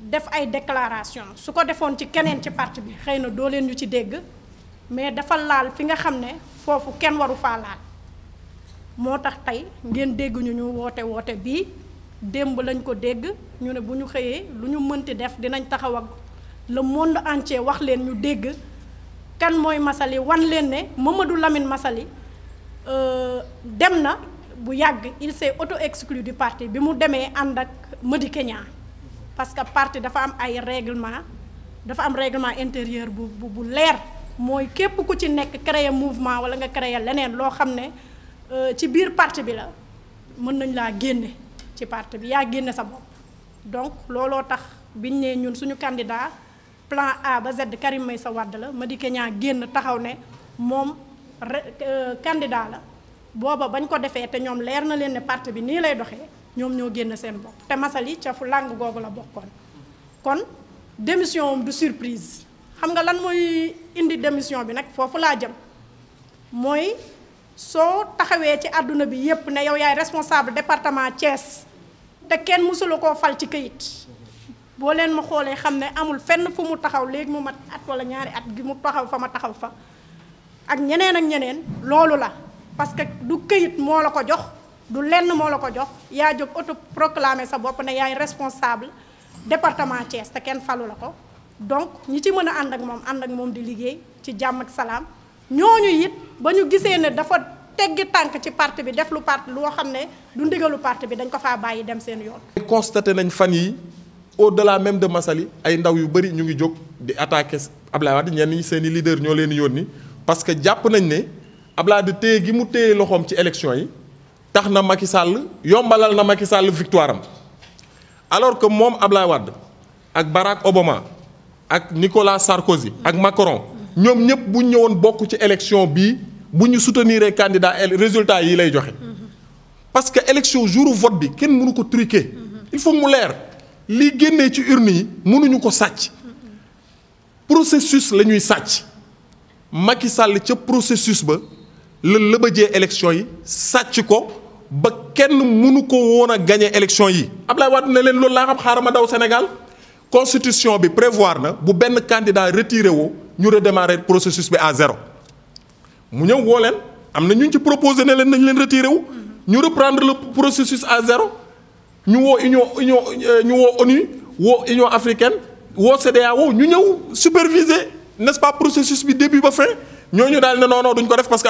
def ay déclaration su ko defoon ci keneen ci parti bi xëy na doo leen ñu ci dégg mais dafa laal fi nga xam ne foofu kenn waru faa laal moo tax tey ngeen dégg ñu ñu woote woote bii démb lañ ko dégg ñu ne bu ñu xëyee lu ñu mënti def dinañ taxaw ak le monde entier wax leen ñu dégg kan mooy masali wan leen ne Mamadou Lamine Massaly euh, dem na bu yàgg il s'est auto exclu du parti bi mu demee ànd ak Madi Kenya parce que parti dafa am ay règlement dafa am règlement intérieur bu bu bu leer mooy képp ku ci nekk créer mouvement wala nga créer leneen loo xam ne euh, ci biir parti bi la mën nañ laa génne ci parti bi yaa génne sa bopp donc looloo tax biñ ne ñun suñu candidat plan A ba Z Karim Meïssa Wade la Madické Niang génn taxaw ne moom euh, candidat la booba bañ ko defee te ñoom leer na leen ne parti bi nii lay doxee ñom ñoo genn seen bopp te masali ca fu langue gogol la bokkon kon démission du surprise xam nga lan moy indi démission bi nak fofu la jëm moy so taxawé ci aduna bi yépp né yow yaay responsable département Thiès té kenn musula ko fal ci këyit bo len ma xolé xamné amul fenn fu mu taxaw lég mu mat at wala ñaari at gi mu taxaw fa ma taxaw fa ak ñeneen ak ñeneen loolu la parce que du mo la ko jox du lenn moo la ko jox yaa jóg autoproclamé sa bopp ne yaay responsable département Thiès te kenn falu la ko donc ñi ci mën a ànd ak moom ànd ak moom di liggéey ci jàmm ak salaam ñooñu it ba ñu gisee ne dafa teggi tànk ci parti bi def lu parti loo xam ne du ndigalu parti bi dañ ko faa bàyyi dem seen yoon. constaté nañ fan yi au-delà même de Massaly ay ndaw yu bëri ñu ngi jóg di attaqué Ablaye Wade ñenn ñi seen i leader ñoo leen yónni parce que jàpp nañ ne Ablaye di téye mu téye loxoom ci élection yi. tax Macky Sall yombalal na Macky Sall victoire am alors que mom Ablaye Wad ak Barack Obama ak Nicolas Sarkozy ak Macron ñom ñep bu ñu bokku ci élection bi, bu ñu soutenir candidat résultat yi lay joxe parce que élection jour vote bi ken mënu ko truquer il faut mu leer li génné ci urne yi ñu ko sàcc processus lañuy satch, Macky Sall ci processus ba le budget élection yi sàcc ko ba kenn munu ko a gagné élection yi Ablaye wad ne len loolu la xam daw La constitution bi prévoir na bu benn candidat retiré woo ñu redémarrer processus à zéro mu ñëw reprendre le processus à zéro ñu wo union union euh, ñu ONU union africaine le ñu superviser n'est-ce pas processus bi début ba fin nous non, Nous non non duñ ko def parce que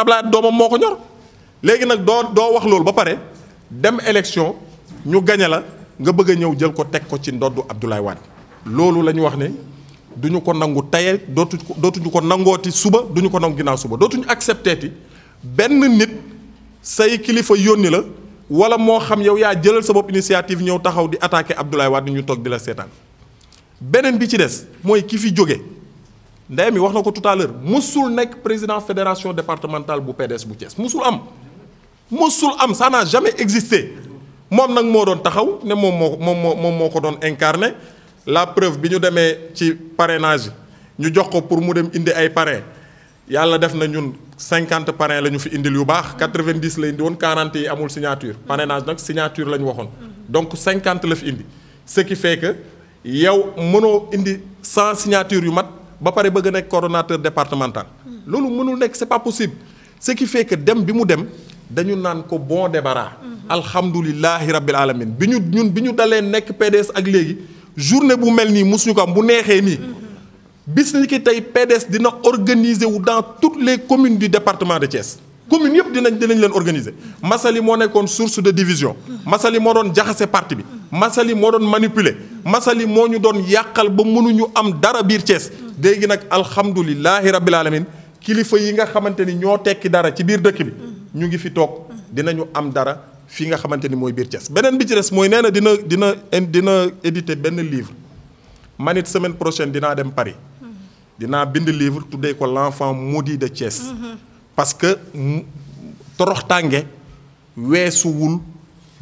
léegi nag doo doo wax loolu ba pare dem élection ñu gañe la nga bëgg a ñëw jël ko teg ko ci ndoddu Abdoulaye Wade loolu la ñu wax ne duñu ko nangu tey dootu dootuñu ko nangooti suba duñu ko nangu ginnaaw suba dootuñu accepteeti benn nit say kilifa yónni la wala moo xam yow yaa jëlal sa bopp initiative ñëw taxaw di attaquer Abdoulaye Wade ñu toog di la seetaan beneen bi ci des mooy ki fi jóge ndey mi wax na ko tout à l'heure nekk président fédération départementale bu PDS bu Thiès musul am Moussoul am ça n'a jamais existé Mom nak moo doon taxaw ne mom mom mom moko don incarné la preuve biñu démé ci parrainage ñu jox ko pour mu dem indi ay parrain yalla def na ñun 50 parrain lañu fi indi lu baax 90 lay indi won 40 amul signature parrainage nak signature la ñu donc 50 la fi indi ce qui fait que yow mëno indi 100 signature yu mat ba paré bëgg a coordonnateur départemental lolu mënul nek c'est pas possible ce qui fait que dem bi mu dem dañu naan ko bon débarras. alhamdulilahi rabbil alamin bi ñu ñun bi ñu dalee nekk PDS ak léegi journée bu mel nii mosuñu ko am bu neexee nii. bis tey PDS dina organiser wu dans toutes les communes du département de cees commune yëpp dinañ dinañ leen organiser Massaly moo nekkoon source de division Massaly moo doon jaxase parti bi Massaly moo doon manipuler Massaly moo ñu doon yàqal ba mënuñu am dara biir Thiès léegi nag alhamdulilahi rabbil alamin kilifa yi nga xamante ni ñoo tekki dara ci biir dëkk bi ñu ngi fi toog dina ñu am dara fii nga xamante ni mooy biir Thiès beneen bi ci des mooy nee na dina dina dina éditer benn livre manit semaine prochaine dinaa dem Paris dinaa bind livre tuddee ko l'enfant maudit de Thiès parce que tànge weesuwul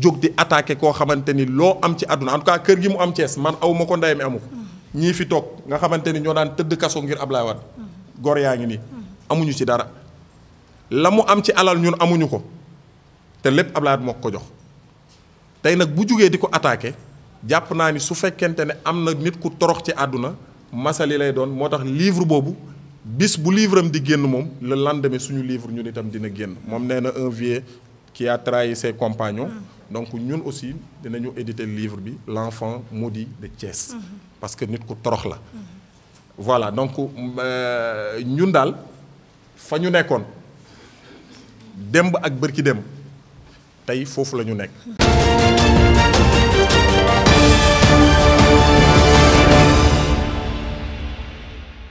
jóg di attaqué koo xamante ni loo am ci àdduna en kër gi mu am Thiès man awuma ko ndeyam amu ko ñii fi toog nga xamante ni ñoo daan tëdd kaso ngir Ablaye Wade gor yaa ngi nii amuñu ci dara lamu am ci alal ñun amuñu ko te lepp Ablaye moko ko jox tay nak bu joggé diko attaquer attaqué jàpp ni su fekkente ne am na nit ku torox ci aduna masali lay doon motax livre bobu bis bu livre am di génn mom le lendemain suñu livre ñun itam dina génn moom nee na un vieux qui a trahi ses compagnons mm. donc ñun aussi dinañu éditer livre bi l'enfant maudit de Thiès mm-hmm. parce que nit ku torox la mm-hmm. voilà donc euh, ñun dal fa ñu nekkoon démb ak bërki démb tey foofu la ñu nekk